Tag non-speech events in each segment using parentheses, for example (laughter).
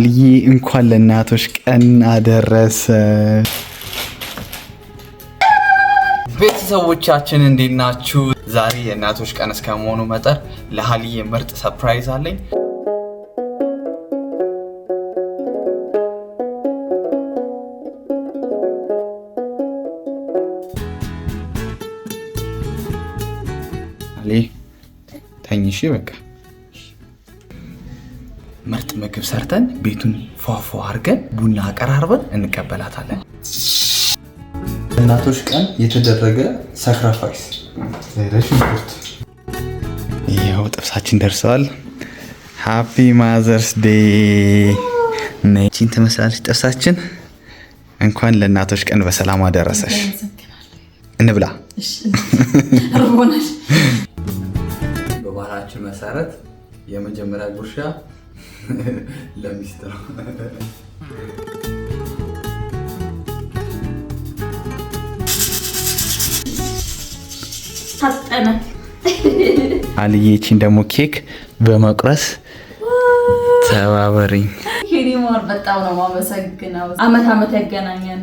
አልይ እንኳን ለእናቶች ቀን አደረሰ። ቤተሰቦቻችን እንዴት ናችሁ? ዛሬ የእናቶች ቀን እስከመሆኑ መጠን ለሀልዬ ምርጥ ሰፕራይዝ አለኝ። ተኝሽ በቃ ምርጥ ምግብ ሰርተን ቤቱን ፏፏ አድርገን ቡና አቀራርበን እንቀበላታለን። እናቶች ቀን የተደረገ ሳክራፋይስ። ይኸው ጥብሳችን ደርሰዋል። ሃፒ ማዘርስ ዴይ። ቺን ትመስላለች ጥብሳችን። እንኳን ለእናቶች ቀን በሰላም አደረሰሽ። እንብላ። በባህላችን መሰረት የመጀመሪያ ጉርሻ (laughs) ለሚስጥር ታጠናል። አልዬችን ደግሞ ኬክ በመቁረስ ተባበሪኝ። ሄሪሞር በጣም ነው ማመሰግነው። አመት አመት ያገናኘን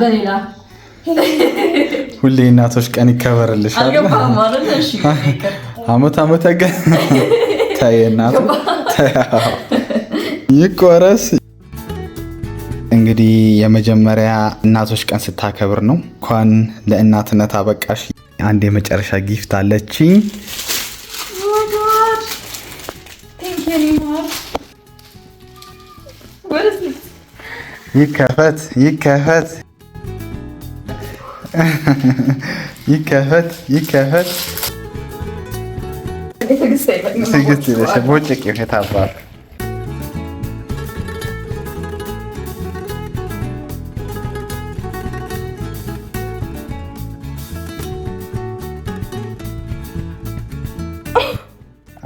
በሌላ ሁሌ እናቶች ቀን ይከበርልሻል። አመት አመት ያገናኘን ታየ እናቶች (laughs) ይቆረስ። እንግዲህ የመጀመሪያ እናቶች ቀን ስታከብር ነው። እንኳን ለእናትነት አበቃሽ። አንድ የመጨረሻ ጊፍት አለችኝ። ይከፈት ይከፈት ይከፈት ይከፈት ትዕግስት የለሽም ቦጭቅ የሆነ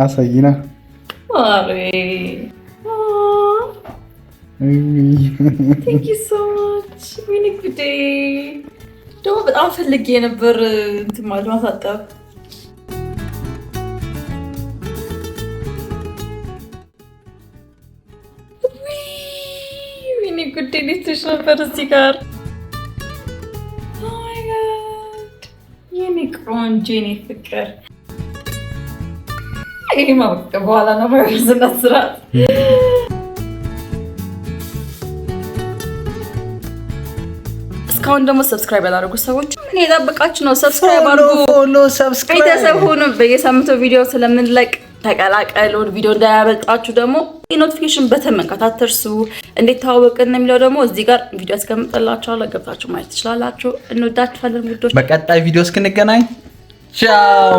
አሳይና ደግሞ በጣም ፈልጌ ነበር ። እንትን ማለት ማሳጠብ ጉዴ ሌትሽ ነበር እዚህ ጋር oh የኔ ቆንጆ የኔ ፍቅር ይህ ማወቅ በኋላ ነው ስነ ስርዓት እስካሁን ደግሞ ሰብስክራይብ ያላደረጉ ሰዎች ምን የጠበቃችሁ ነው? ሰብስክራይብ አድርጉ። ቤተሰብ ሁኑ። በየሳምንቱ ቪዲዮ ስለምንለቅ ተቀላቀሉን። ቪዲዮ እንዳያመልጣችሁ ደግሞ የኖቲፊኬሽን በተን መንካት አትርሱ። እንዴት ተዋወቅን የሚለው ደግሞ እዚህ ጋር ቪዲዮ ያስቀምጠላችኋለሁ፣ ገብታችሁ ማየት ትችላላችሁ። እንወዳችኋለን ውዶች። በቀጣይ ቪዲዮ እስክንገናኝ ቻው።